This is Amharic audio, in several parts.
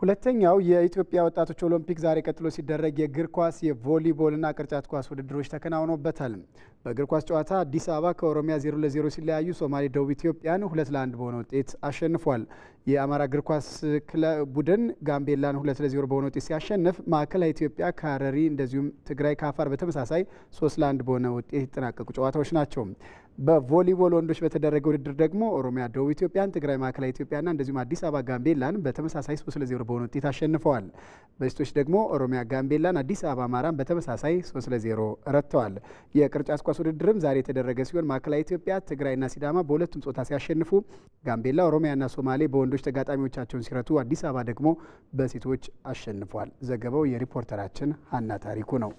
ሁለተኛው የኢትዮጵያ ወጣቶች ኦሎምፒክ ዛሬ ቀጥሎ ሲደረግ የእግር ኳስ የቮሊቦልና ቅርጫት ኳስ ውድድሮች ተከናውኖበታል። በእግር ኳስ ጨዋታ አዲስ አበባ ከኦሮሚያ 0 ለ0 ሲለያዩ ሶማሌ ደቡብ ኢትዮጵያን ሁለት ለአንድ በሆነ ውጤት አሸንፏል። የአማራ እግር ኳስ ቡድን ጋምቤላን ሁለት ለዜሮ በሆነ ውጤት ሲያሸንፍ ማዕከላዊ ኢትዮጵያ ከሀረሪ እንደዚሁም ትግራይ ከአፋር በተመሳሳይ ሶስት ለአንድ በሆነ ውጤት የተጠናቀቁ ጨዋታዎች ናቸው። በቮሊቦል ወንዶች በተደረገ ውድድር ደግሞ ኦሮሚያ ደቡብ ኢትዮጵያን፣ ትግራይ ማዕከላዊ ኢትዮጵያና እንደዚሁም አዲስ አበባ ጋምቤላን በተመሳሳይ ሶስት ለዜሮ በሆነ ውጤት አሸንፈዋል። በሴቶች ደግሞ ኦሮሚያ ጋምቤላን፣ አዲስ አበባ አማራን በተመሳሳይ ሶስት ለዜሮ ረትተዋል። የቅርጫት ኳስ ውድድርም ዛሬ የተደረገ ሲሆን ማዕከላዊ ኢትዮጵያ ትግራይና ሲዳማ በሁለቱም ጾታ ሲያሸንፉ ጋምቤላ ኦሮሚያና ሶማሌ በወንዶች ወንዶች ተጋጣሚዎቻቸውን ሲረቱ፣ አዲስ አበባ ደግሞ በሴቶች አሸንፏል። ዘገባው የሪፖርተራችን ሀና ታሪኩ ነው።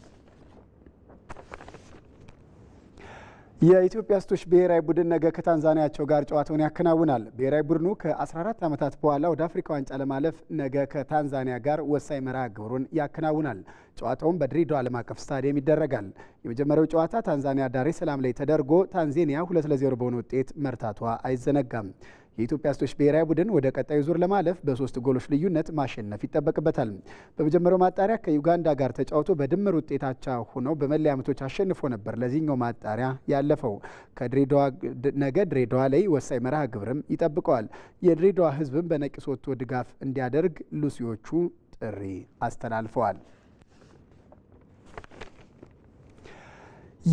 የኢትዮጵያ ሴቶች ብሔራዊ ቡድን ነገ ከታንዛኒያቸው ጋር ጨዋታውን ያከናውናል። ብሔራዊ ቡድኑ ከ14 ዓመታት በኋላ ወደ አፍሪካ ዋንጫ ለማለፍ ነገ ከታንዛኒያ ጋር ወሳኝ መርሃ ግብሩን ያከናውናል። ጨዋታውን በድሬዳዋ ዓለም አቀፍ ስታዲየም ይደረጋል። የመጀመሪያው ጨዋታ ታንዛኒያ ዳሬ ሰላም ላይ ተደርጎ ታንዜኒያ ለ0 በሆነ ውጤት መርታቷ አይዘነጋም። የኢትዮጵያ ሴቶች ብሔራዊ ቡድን ወደ ቀጣዩ ዙር ለማለፍ በሶስት ጎሎች ልዩነት ማሸነፍ ይጠበቅበታል። በመጀመሪያው ማጣሪያ ከዩጋንዳ ጋር ተጫውቶ በድምር ውጤታቻ ሆነው በመለያ ምቶች አሸንፎ ነበር ለዚህኛው ማጣሪያ ያለፈው። ነገ ድሬዳዋ ላይ ወሳኝ መርሃ ግብርም ይጠብቀዋል። የድሬዳዋ ሕዝብም በነቂሶቶ ድጋፍ እንዲያደርግ ሉሲዎቹ ጥሪ አስተላልፈዋል።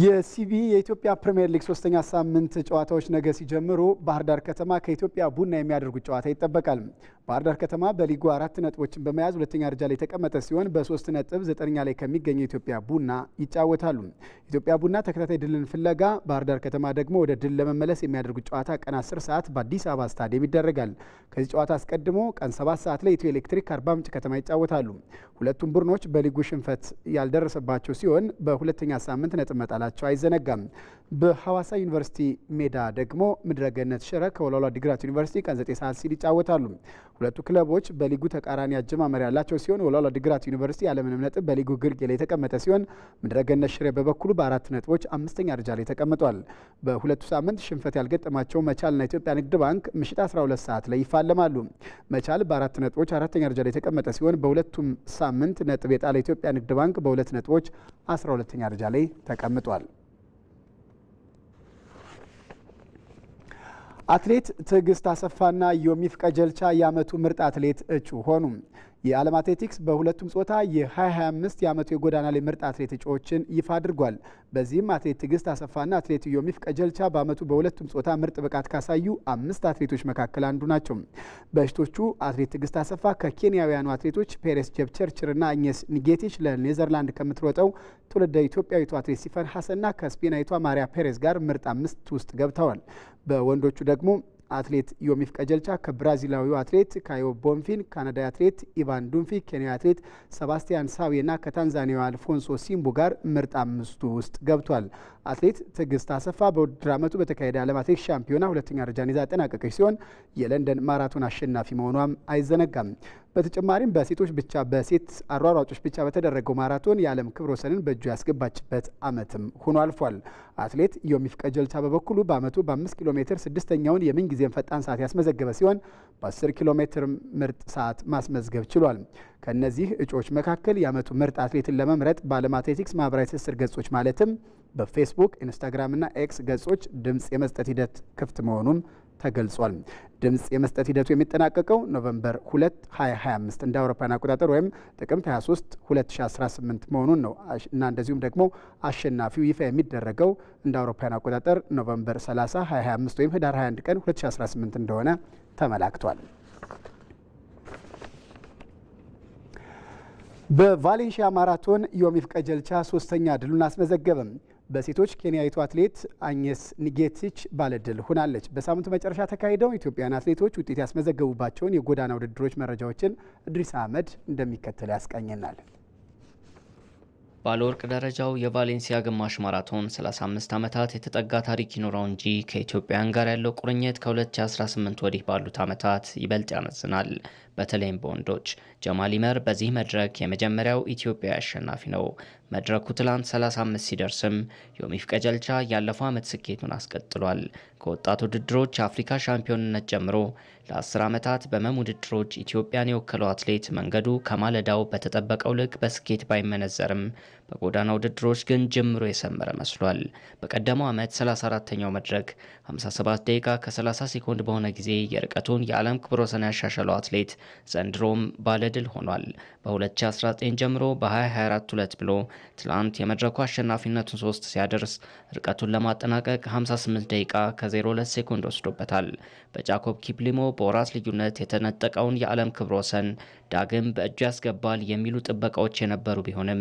የሲቢ የኢትዮጵያ ፕሪምየር ሊግ ሶስተኛ ሳምንት ጨዋታዎች ነገ ሲጀምሩ ባህር ዳር ከተማ ከኢትዮጵያ ቡና የሚያደርጉት ጨዋታ ይጠበቃል። ባህር ዳር ከተማ በሊጉ አራት ነጥቦችን በመያዝ ሁለተኛ ደረጃ ላይ የተቀመጠ ሲሆን በሶስት ነጥብ ዘጠነኛ ላይ ከሚገኘው ኢትዮጵያ ቡና ይጫወታሉ። ኢትዮጵያ ቡና ተከታታይ ድልን ፍለጋ፣ ባህር ዳር ከተማ ደግሞ ወደ ድል ለመመለስ የሚያደርጉት ጨዋታ ቀን 10 ሰዓት በአዲስ አበባ ስታዲየም ይደረጋል። ከዚህ ጨዋታ አስቀድሞ ቀን 7 ሰዓት ላይ ኢትዮ ኤሌክትሪክ አርባ ምንጭ ከተማ ይጫወታሉ። ሁለቱም ቡድኖች በሊጉ ሽንፈት ያልደረሰባቸው ሲሆን በሁለተኛ ሳምንት ነጥብ መጣ መጣላቸው አይዘነጋም። በሐዋሳ ዩኒቨርሲቲ ሜዳ ደግሞ ምድረገነት ሽረ ከወላሏ ዲግራት ዩኒቨርሲቲ ቀን 9 ሰዓት ሲል ይጫወታሉ። ሁለቱ ክለቦች በሊጉ ተቃራኒ አጀማመር ያላቸው ሲሆን ወላሏ ዲግራት ዩኒቨርሲቲ ያለምንም ነጥብ በሊጉ ግርጌ ላይ የተቀመጠ ሲሆን ምድረገነት ሽረ በበኩሉ በአራት ነጥቦች አምስተኛ ደረጃ ላይ ተቀምጧል። በሁለቱ ሳምንት ሽንፈት ያልገጠማቸው መቻልና ኢትዮጵያ ንግድ ባንክ ምሽት 12 ሰዓት ላይ ይፋለማሉ። መቻል በአራት ነጥቦች አራተኛ ደረጃ ላይ የተቀመጠ ሲሆን በሁለቱም ሳምንት ነጥብ የጣለ ኢትዮጵያ ንግድ ባንክ በሁለት ነጥቦች 12ኛ ደረጃ ላይ ተቀምጧል። ተቀምጧል። አትሌት ትዕግስት አሰፋና ዮሚፍ ቀጀልቻ የዓመቱ ምርጥ አትሌት እጩ ሆኑ። የዓለም አትሌቲክስ በሁለቱም ጾታ የ2025 የዓመቱ የጎዳና ላይ ምርጥ አትሌት እጩዎችን ይፋ አድርጓል። በዚህም አትሌት ትዕግስት አሰፋና አትሌት ዮሚፍ ቀጀልቻ በዓመቱ በሁለቱም ጾታ ምርጥ ብቃት ካሳዩ አምስት አትሌቶች መካከል አንዱ ናቸው። በሽቶቹ አትሌት ትዕግስት አሰፋ ከኬንያውያኑ አትሌቶች ፔሬስ ጀብቸርችርና አኘስ ንጌቲች ለኔዘርላንድ ከምትሮጠው ትውልደ ኢትዮጵያዊቱ አትሌት ሲፈን ሐሰንና ከስፔናዊቷ ማሪያ ፔሬስ ጋር ምርጥ አምስት ውስጥ ገብተዋል። በወንዶቹ ደግሞ አትሌት ዮሚፍ ቀጀልቻ ከብራዚላዊው አትሌት ካዮ ቦንፊን፣ ካናዳዊ አትሌት ኢቫን ዱንፊ፣ ኬንያዊ አትሌት ሰባስቲያን ሳዌና ከታንዛኒያው አልፎንሶ ሲምቡ ጋር ምርጥ አምስቱ ውስጥ ገብቷል። አትሌት ትዕግስት አሰፋ በውድድር ዓመቱ በተካሄደ ዓለም አትሌት ሻምፒዮና ሁለተኛ ደረጃን ይዛ አጠናቀቀች ሲሆን የለንደን ማራቶን አሸናፊ መሆኗም አይዘነጋም። በተጨማሪም በሴቶች ብቻ በሴት አሯሯጮች ብቻ በተደረገው ማራቶን የዓለም ክብረ ወሰንን በእጁ ያስገባችበት ዓመትም ሆኖ አልፏል። አትሌት ዮሚፍ ቀጀልቻ በበኩሉ በዓመቱ በ5 ኪሎ ሜትር ስድስተኛውን የምንጊዜም ፈጣን ሰዓት ያስመዘገበ ሲሆን በ10 ኪሎ ሜትር ምርጥ ሰዓት ማስመዝገብ ችሏል። ከእነዚህ እጩዎች መካከል የዓመቱ ምርጥ አትሌትን ለመምረጥ በዓለም አትሌቲክስ ማህበራዊ ትስስር ገጾች ማለትም በፌስቡክ ኢንስታግራምና ኤክስ ገጾች ድምፅ የመስጠት ሂደት ክፍት መሆኑም ተገልጿል። ድምፅ የመስጠት ሂደቱ የሚጠናቀቀው ኖቨምበር 2 2025 እንደ አውሮፓውያን አቆጣጠር ወይም ጥቅምት 23 2018 መሆኑን ነው እና እንደዚሁም ደግሞ አሸናፊው ይፋ የሚደረገው እንደ አውሮፓውያን አቆጣጠር ኖቨምበር 30 2025 ወይም ህዳር 21 ቀን 2018 እንደሆነ ተመላክቷል። በቫሌንሺያ ማራቶን ዮሚፍ ቀጀልቻ ሶስተኛ ድሉን አስመዘገበም። በሴቶች ኬንያዊቱ አትሌት አኝስ ኒጌቲች ባለድል ሆናለች። በሳምንቱ መጨረሻ ተካሂደው ኢትዮጵያን አትሌቶች ውጤት ያስመዘገቡባቸውን የጎዳና ውድድሮች መረጃዎችን እድሪስ አህመድ እንደሚከተል ያስቃኘናል። ባለወርቅ ደረጃው የቫሌንሲያ ግማሽ ማራቶን 35 ዓመታት የተጠጋ ታሪክ ይኖረው እንጂ ከኢትዮጵያን ጋር ያለው ቁርኝት ከ2018 ወዲህ ባሉት ዓመታት ይበልጥ ያመዝናል። በተለይም በወንዶች ጀማል ይመር በዚህ መድረክ የመጀመሪያው ኢትዮጵያ አሸናፊ ነው። መድረኩ ትላንት 35 ሲደርስም ዮሚፍ ቀጀልቻ ያለፈው ዓመት ስኬቱን አስቀጥሏል። ከወጣት ውድድሮች የአፍሪካ ሻምፒዮንነት ጀምሮ ለአስር ዓመታት በመም ውድድሮች ኢትዮጵያን የወከለው አትሌት መንገዱ ከማለዳው በተጠበቀው ልክ በስኬት ባይመነዘርም በጎዳና ውድድሮች ግን ጀምሮ የሰመረ መስሏል። በቀደመው ዓመት 34ተኛው መድረክ 57 ደቂቃ ከ30 ሴኮንድ በሆነ ጊዜ የርቀቱን የዓለም ክብረ ወሰን ያሻሻለው አትሌት ዘንድሮም ባለድል ሆኗል። በ2019 ጀምሮ በ2024 ሁለት ብሎ ትላንት የመድረኩ አሸናፊነቱን ሶስት ሲያደርስ ርቀቱን ለማጠናቀቅ 58 ደቂቃ ከ02 ሴኮንድ ወስዶበታል። በጃኮብ ኪፕሊሞ በወራት ልዩነት የተነጠቀውን የዓለም ክብረ ወሰን ዳግም በእጅ ያስገባል የሚሉ ጥበቃዎች የነበሩ ቢሆንም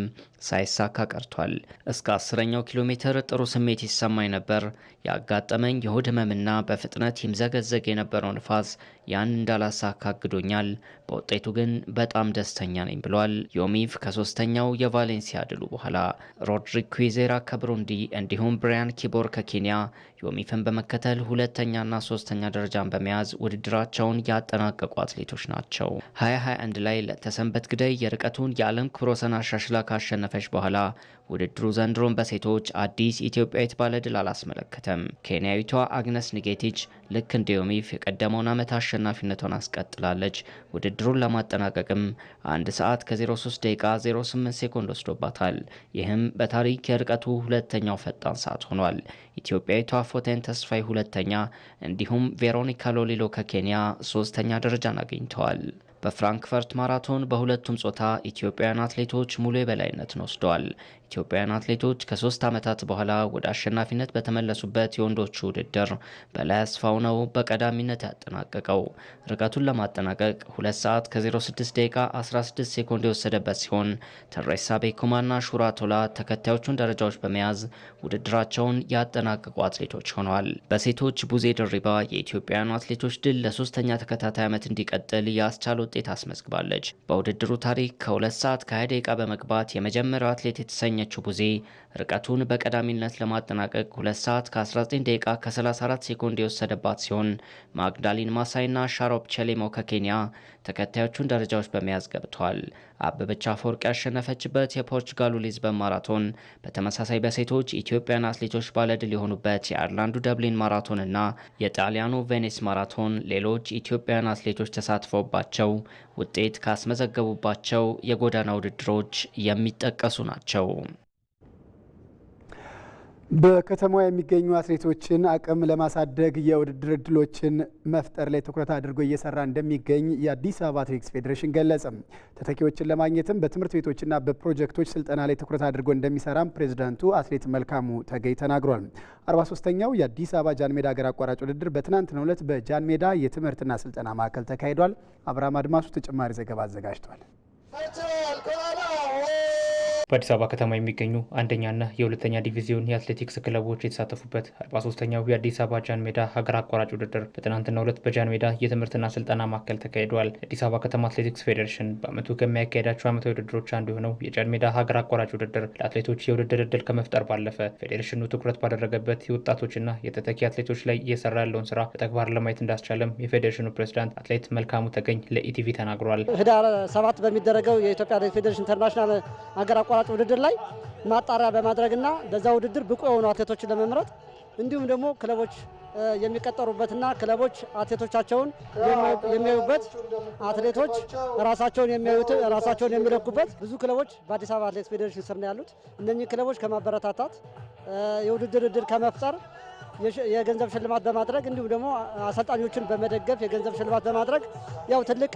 ሳይሳካ ቀርቷል። እስከ አስረኛው ኪሎ ሜትር ጥሩ ስሜት ይሰማኝ ነበር። ያጋጠመኝ የሆድ ህመምና በፍጥነት ይምዘገዘግ የነበረው ንፋስ ያን እንዳላሳካ አግዶኛል። በውጤቱ ግን በጣም ደስተኛ ነኝ ብሏል ዮሚፍ ከሶስተኛው የቫሌንሲያ ድሉ በኋላ። ሮድሪክ ኩዜራ ከብሩንዲ እንዲሁም ብሪያን ኪቦር ከኬንያ ዮሚፍን በመከተል ሁለተኛና ሶስተኛ ደረጃን በመያዝ ውድድራቸውን ያጠናቀቁ አትሌቶች ናቸው። አንድ ላይ ለተሰንበት ግደይ የርቀቱን የዓለም ክብረ ወሰን አሻሽላ ካሸነፈች በኋላ ውድድሩ ዘንድሮን በሴቶች አዲስ ኢትዮጵያዊት ባለድል አላስመለከተም። ኬንያዊቷ አግነስ ኒጌቲች ልክ እንደ ዮሚፍ የቀደመውን ዓመት አሸናፊነቷን አስቀጥላለች። ውድድሩን ለማጠናቀቅም አንድ ሰዓት ከ03 ደቂቃ 08 ሴኮንድ ወስዶባታል። ይህም በታሪክ የርቀቱ ሁለተኛው ፈጣን ሰዓት ሆኗል። ኢትዮጵያዊቷ ፎቴን ተስፋይ ሁለተኛ፣ እንዲሁም ቬሮኒካ ሎሊሎ ከኬንያ ሶስተኛ ደረጃን አግኝተዋል። በፍራንክፈርት ማራቶን በሁለቱም ጾታ ኢትዮጵያውያን አትሌቶች ሙሉ የበላይነትን ወስደዋል። ኢትዮጵያውያን አትሌቶች ከሶስት ዓመታት በኋላ ወደ አሸናፊነት በተመለሱበት የወንዶቹ ውድድር በላይ አስፋው ነው በቀዳሚነት ያጠናቀቀው። ርቀቱን ለማጠናቀቅ 2 ሰዓት ከ06 ደቂቃ 16 ሴኮንድ የወሰደበት ሲሆን ተሬሳ ቤኩማና ሹራ ቶላ ተከታዮቹን ደረጃዎች በመያዝ ውድድራቸውን ያጠናቀቁ አትሌቶች ሆነዋል። በሴቶች ቡዜ ድሪባ የኢትዮጵያውያኑ አትሌቶች ድል ለሶስተኛ ተከታታይ ዓመት እንዲቀጥል ያስቻሉት ውጤት አስመዝግባለች። በውድድሩ ታሪክ ከሁለት ሰዓት ከ20 ደቂቃ በመግባት የመጀመሪያው አትሌት የተሰኘችው ቡዜ ርቀቱን በቀዳሚነት ለማጠናቀቅ 2 ሰዓት ከ19 ደቂቃ ከ34 ሴኮንድ የወሰደባት ሲሆን ማግዳሊን ማሳይና ሻሮፕ ቼሌሞ ከኬንያ ተከታዮቹን ደረጃዎች በመያዝ ገብተዋል። አበበች አፈወርቅ ያሸነፈችበት የፖርቹጋሉ ሊዝበን ማራቶን በተመሳሳይ በሴቶች ኢትዮጵያን አትሌቶች ባለድል የሆኑበት የአይርላንዱ ደብሊን ማራቶንና የጣሊያኑ ቬኔስ ማራቶን ሌሎች ኢትዮጵያን አትሌቶች ተሳትፎባቸው ውጤት ካስመዘገቡባቸው የጎዳና ውድድሮች የሚጠቀሱ ናቸው። በከተማዋ የሚገኙ አትሌቶችን አቅም ለማሳደግ የውድድር እድሎችን መፍጠር ላይ ትኩረት አድርጎ እየሰራ እንደሚገኝ የአዲስ አበባ አትሌቲክስ ፌዴሬሽን ገለጸ። ተተኪዎችን ለማግኘትም በትምህርት ቤቶችና በፕሮጀክቶች ስልጠና ላይ ትኩረት አድርጎ እንደሚሰራም ፕሬዚዳንቱ አትሌት መልካሙ ተገኝ ተናግሯል። 43ኛው የአዲስ አበባ ጃንሜዳ ሀገር አቋራጭ ውድድር በትናንትናው ዕለት በጃንሜዳ የትምህርትና ስልጠና ማዕከል ተካሂዷል። አብርሃም አድማሱ ተጨማሪ ዘገባ አዘጋጅቷል። በአዲስ አበባ ከተማ የሚገኙ አንደኛና የሁለተኛ ዲቪዚዮን የአትሌቲክስ ክለቦች የተሳተፉበት 43ኛው የአዲስ አበባ ጃን ሜዳ ሀገር አቋራጭ ውድድር በትናንትናው ዕለት በጃን ሜዳ የትምህርትና ስልጠና ማዕከል ተካሂደዋል። የአዲስ አበባ ከተማ አትሌቲክስ ፌዴሬሽን በዓመቱ ከሚያካሄዳቸው ዓመታዊ ውድድሮች አንዱ የሆነው የጃን ሜዳ ሀገር አቋራጭ ውድድር ለአትሌቶች የውድድር ዕድል ከመፍጠር ባለፈ ፌዴሬሽኑ ትኩረት ባደረገበት የወጣቶችና የተተኪ አትሌቶች ላይ እየሰራ ያለውን ስራ በተግባር ለማየት እንዳስቻለም የፌዴሬሽኑ ፕሬዚዳንት አትሌት መልካሙ ተገኝ ለኢቲቪ ተናግሯል። ህዳር ሰባት በሚደረገው የኢትዮጵያ ፌዴሬሽን ኢንተርናሽናል ሀገር አቋራጭ ውድድር ላይ ማጣሪያ በማድረግና በዛ ውድድር ብቁ የሆኑ አትሌቶችን ለመምረጥ እንዲሁም ደግሞ ክለቦች የሚቀጠሩበትና ክለቦች አትሌቶቻቸውን የሚያዩበት አትሌቶች ራሳቸውን የሚያዩት ራሳቸውን የሚለኩበት ብዙ ክለቦች በአዲስ አበባ አትሌት ፌዴሬሽን ስር ነው ያሉት። እነኚህ ክለቦች ከማበረታታት የውድድር እድል ከመፍጠር የገንዘብ ሽልማት በማድረግ እንዲሁም ደግሞ አሰልጣኞችን በመደገፍ የገንዘብ ሽልማት በማድረግ ያው ትልቅ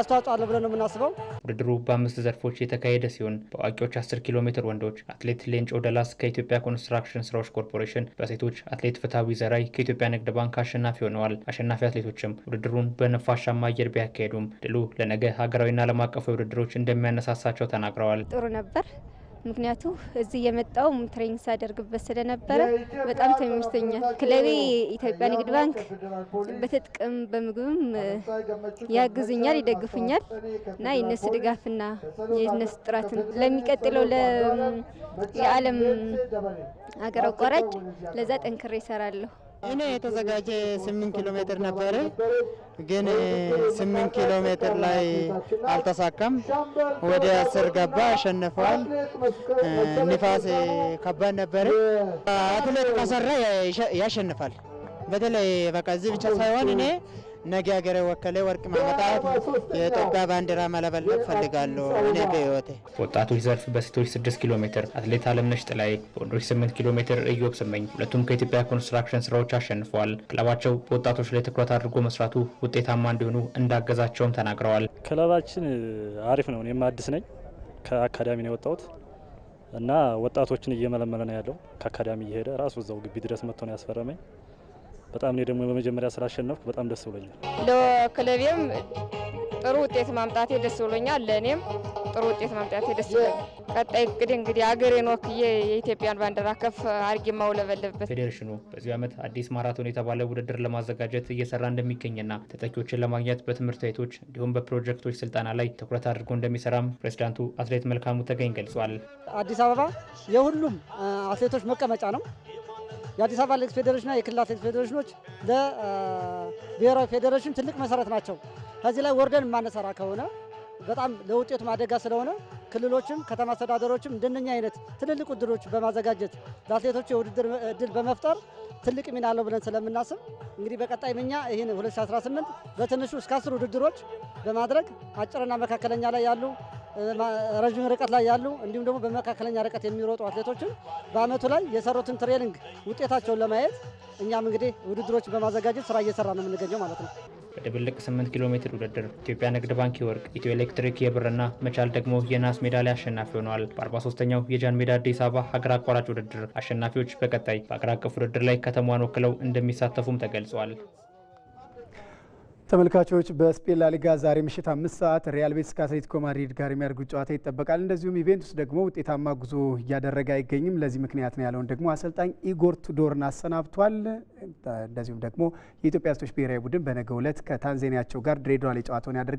አስተዋጽኦ አለ ብለን ነው የምናስበው። ውድድሩ በአምስት ዘርፎች የተካሄደ ሲሆን በአዋቂዎች 10 ኪሎ ሜትር ወንዶች አትሌት ሌንጮ ደላስ ከኢትዮጵያ ኮንስትራክሽን ስራዎች ኮርፖሬሽን፣ በሴቶች አትሌት ፍትሐዊ ዘራይ ከኢትዮጵያ ንግድ ባንክ አሸናፊ ሆነዋል። አሸናፊ አትሌቶችም ውድድሩን በነፋሻማ አየር ቢያካሄዱም ድሉ ለነገ ሀገራዊና ዓለም አቀፍ ውድድሮች እንደሚያነሳሳቸው ተናግረዋል። ጥሩ ነበር። ምክንያቱ እዚህ የመጣው ትሬኒንግ ሳደርግበት ስለነበረ በጣም ተመችቶኛል። ክለቤ ኢትዮጵያ ንግድ ባንክ በትጥቅም በምግብም ያግዙኛል፣ ይደግፉኛል እና የነሱ ድጋፍና የነሱ ጥረትን ለሚቀጥለው የዓለም አገር አቋራጭ ለዛ ጠንክሬ ይሰራለሁ። እኔ የተዘጋጀ ስምንት ኪሎ ሜትር ነበረ፣ ግን ስምንት ኪሎ ሜትር ላይ አልተሳካም። ወደ አስር ገባ፣ አሸንፈዋል። ንፋስ ከባድ ነበረ። አትሌት ከሰራ ያሸንፋል። በተለይ በቃ እዚህ ብቻ ሳይሆን እኔ ነገ ሀገር ወከለ ወርቅ ማመጣት የኢትዮጵያ ባንዲራ መለበለብ ፈልጋለሁ። እኔ በህይወቴ ወጣቶች ዘርፍ በሴቶች 6 ኪሎ ሜትር አትሌት አለምነሽ ጥላይ፣ በወንዶች 8 ኪሎ ሜትር እዮብ ስመኝ ሁለቱም ከኢትዮጵያ ኮንስትራክሽን ስራዎች አሸንፈዋል። ክለባቸው በወጣቶች ላይ ትኩረት አድርጎ መስራቱ ውጤታማ እንዲሆኑ እንዳገዛቸውም ተናግረዋል። ክለባችን አሪፍ ነው። እኔም አዲስ ነኝ። ከአካዳሚ ነው የወጣሁት እና ወጣቶችን እየመለመለ ነው ያለው። ከአካዳሚ እየሄደ ራሱ እዛው ግቢ ድረስ መጥቶ ነው ያስፈረመኝ። በጣም እኔ ደግሞ በመጀመሪያ ስላሸነፍኩ በጣም ደስ ብሎኛል። ለክለቤም ጥሩ ውጤት ማምጣቴ ደስ ብሎኛል። ለእኔም ጥሩ ውጤት ማምጣቴ ደስ ብሎኛል። ቀጣይ እቅድ እንግዲህ አገሬን ወክዬ የኢትዮጵያን ባንዲራ ከፍ አድርጌ ማውለበለብበት። ፌዴሬሽኑ በዚህ ዓመት አዲስ ማራቶን የተባለ ውድድር ለማዘጋጀት እየሰራ እንደሚገኝና ተተኪዎችን ለማግኘት በትምህርት ቤቶች እንዲሁም በፕሮጀክቶች ስልጠና ላይ ትኩረት አድርጎ እንደሚሰራም ፕሬዚዳንቱ አትሌት መልካሙ ተገኝ ገልጿል። አዲስ አበባ የሁሉም አትሌቶች መቀመጫ ነው። የአዲስ አበባ አትሌቲክስ ፌዴሬሽንና የክልል አትሌቲክስ ፌዴሬሽኖች ለብሔራዊ ፌዴሬሽን ትልቅ መሰረት ናቸው። ከዚህ ላይ ወርደን የማንሰራ ከሆነ በጣም ለውጤቱ ማደጋ ስለሆነ ክልሎችም ከተማ አስተዳደሮችም እንደነኛ አይነት ትልልቅ ውድድሮች በማዘጋጀት ለአትሌቶች የውድድር እድል በመፍጠር ትልቅ ሚና አለው ብለን ስለምናስብ እንግዲህ በቀጣይ እኛ ይህን 2018 በትንሹ እስከ አስር ውድድሮች በማድረግ አጭርና መካከለኛ ላይ ያሉ ረዥም ርቀት ላይ ያሉ እንዲሁም ደግሞ በመካከለኛ ርቀት የሚሮጡ አትሌቶችን በአመቱ ላይ የሰሩትን ትሬኒንግ ውጤታቸውን ለማየት እኛም እንግዲህ ውድድሮችን በማዘጋጀት ስራ እየሰራ ነው የምንገኘው ማለት ነው። በድብልቅ 8 ኪሎ ሜትር ውድድር ኢትዮጵያ ንግድ ባንክ የወርቅ፣ ኢትዮ ኤሌክትሪክ የብርና መቻል ደግሞ የናስ ሜዳሊያ አሸናፊ ሆነዋል። በ43ኛው የጃን ሜዳ አዲስ አበባ ሀገር አቋራጭ ውድድር አሸናፊዎች በቀጣይ በአገር አቀፍ ውድድር ላይ ከተማዋን ወክለው እንደሚሳተፉም ተገልጿል። ተመልካቾች በስፔን ላሊጋ ዛሬ ምሽት አምስት ሰዓት ሪያል ቤትስ ከአትሌቲኮ ማድሪድ ጋር የሚያደርጉት ጨዋታ ይጠበቃል። እንደዚሁም ኢቬንቱስ ደግሞ ውጤታማ ጉዞ እያደረገ አይገኝም። ለዚህ ምክንያት ነው ያለውን ደግሞ አሰልጣኝ ኢጎር ቱዶርን አሰናብቷል። እንደዚሁም ደግሞ የኢትዮጵያ ሴቶች ብሔራዊ ቡድን በነገው ዕለት ከታንዛኒያቸው ጋር ድሬዳዋ ላይ ጨዋታውን ያደርጋል።